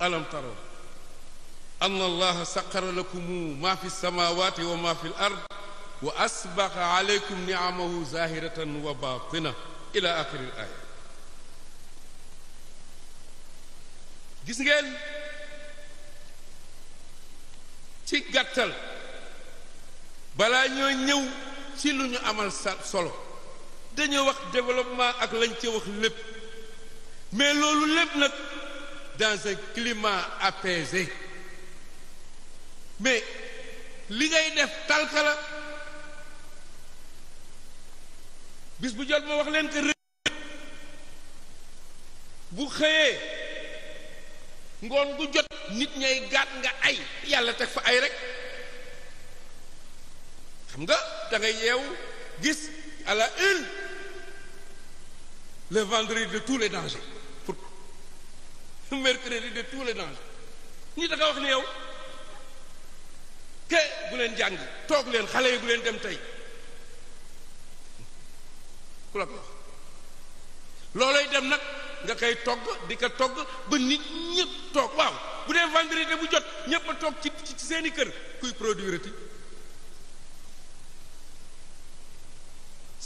alam taraw anna allaha saqara lakum ma fi samawati wa ma fi l ard wa asbaqa aleykum niamahu zahiratan wa batina ila axiri gis ngeen ci gàttal balaa ñoo ñëw ci lu ñu amal solo dañoo wax développement ak lañ ca wax lépp mais loolu lépp nag dans un climat apaisé mais li ngay def tàlka bis bu jot ma wax leen que bu xëyee ngoon gu jot nit ñay gaat nga ay yàlla teg fa ay rek xam nga dangay ngay yeewu gis à la une le vendredi de tous les dangers mercredi de tous les dangers ñi wax ne yow ke bu leen jàngi toog leen xale yi bu leen dem tey ku la dem nag nga koy togg di ko togg ba nit ñëpp toog waaw bu dee vendredi bu jot ñëpp toog ci ci seeni kër kuy produire ti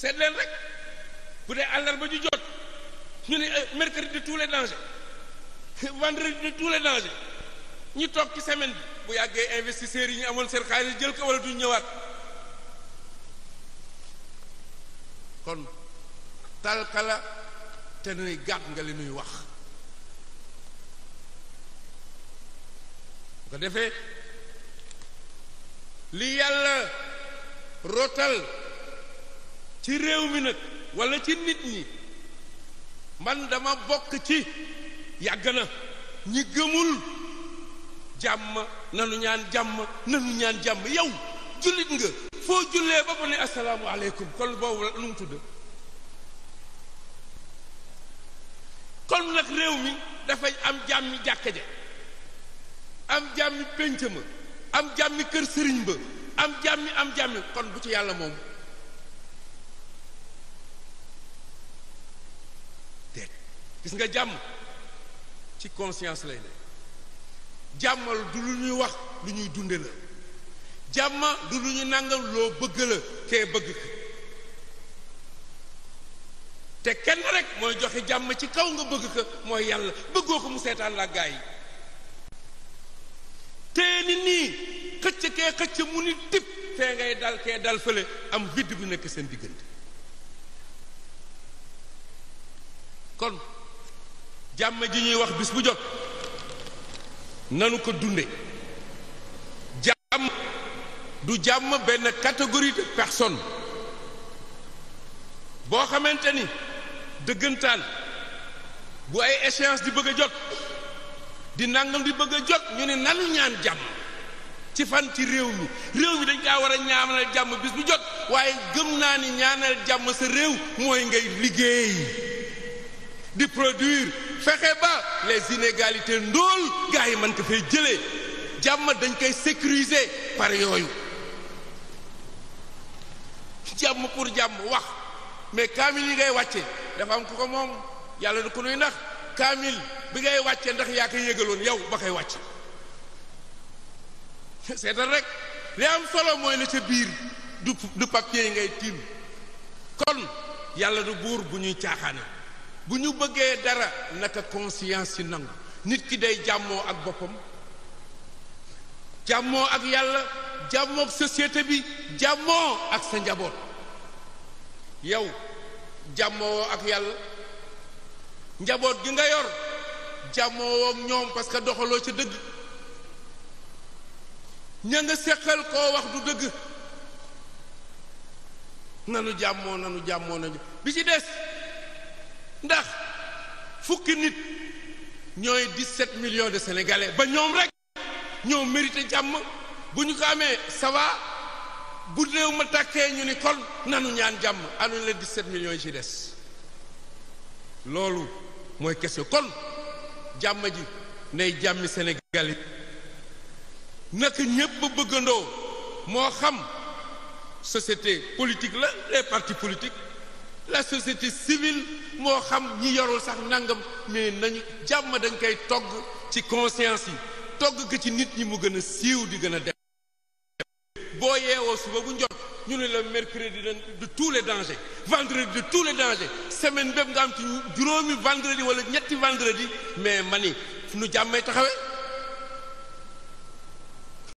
seet leen rek bu dee àllarba ju jot ñu ne eh, mercredi de tous les vendredi ñu toog ci semaine bi bu yàggee investiseur yi ñu amoon seen xaalis jël ko wala duñ ñëwaat kon talkala te nuy gàtt nga li nuy wax bu ko defee li yàlla rotal ci réew mi nag walla ci nit ñi man dama bokk ci yàgg na ñi gëmul jàmm nanu ñaan jàmm nanu ñaan jàmm yow jullit nga foo jullee ba ba ne assalaamu aleykum kon boobu lu mu tudd kon nag réew mi dafay am jàmmi jàkka am jàmmi pénc ma am jàmmi kër sëriñ ba am jàmmi am jàmmi kon bu ci yàlla moom déet gis nga jàmm ci conscience lay ne jàmmal du lu ñuy wax lu ñuy dunde la jàmma du lu ñu nangal loo bëgg la kee bëgg ko te kenn rek mooy joxe jàmm ci kaw nga bëgg ko mooy yàlla bëggoo ko mu seetaan la gaa yi tee ni nii xëcc kee xëcc mu ni tip fee ngay dal kee dal fële am vide bu nekk seen diggante kon jàmm ji ñuy wax bis bu jot nanu ko dunde jàmm du jàmm benn catégorie de personne boo xamante ni dëggantaan bu ay échéance di bëgg a jot di nangam di bëgg a jot ñu ne nanu ñaan jàmm ci fan ci réew mi réew mi dañ kaa war a ñaanal jàmm bis bu jot waaye gëm naa ni ñaanal jàmm sa réew mooy ngay liggéey di produire fexe ba les inégalités ndool gars yi man ko fay jëlee jàmm dañ koy sécuriser par yooyu jàmm pour jàmm wax mais kaamil yi ngay wàcce dafa am ko ko moom yàlla du ko nuy ndax kaamil bi ngay wàcce ndax yaa koy yëgaloon yow ba koy wàcce seetal rek li am solo mooy la ca biir du du yi ngay tiim kon yàlla du buur bu ñuy caaxaane bu ñu bëggee dara naka conscience ci nangu nit ki day jàmmoo ak boppam jàmmoo ak yàlla jàmmoo ak bi jàmmoo ak sa njaboot yow jàmmoo ak yàlla njaboot gi nga yor jàmmoo ak ñoom parce que doxaloo ca dëgg ña nga seqal koo wax du dëgg nanu jàmmoo nanu jàmmoo nañu bi ci des ndax fukki nit ñooy 17 millions de sénégalais ba ñoom rek ñoo mérité jàmm bu ñu ko amee ça va bu réew ma tàkkee ñu ni kon nanu ñaan jàmm anuñ leen 17 millions yi ci des loolu mooy kese kon jàmm ji nay jàmmi sénégalais naka ñépp bëggandoo moo xam société politique la les partis politique la société civile moo xam ñi yorul sax nangam mais nañu jàmm dañ koy togg ci conscience yi togg ko ci nit ñi mu gën a siiw di gën a def boo yeewoo suba bu njot ñu ne la mercredi de tous les dangers vendredi de tous les dangers semaine bépp nga am ci juróomi vendredi wala ñetti vendredi mais mani nu jàmmay taxawee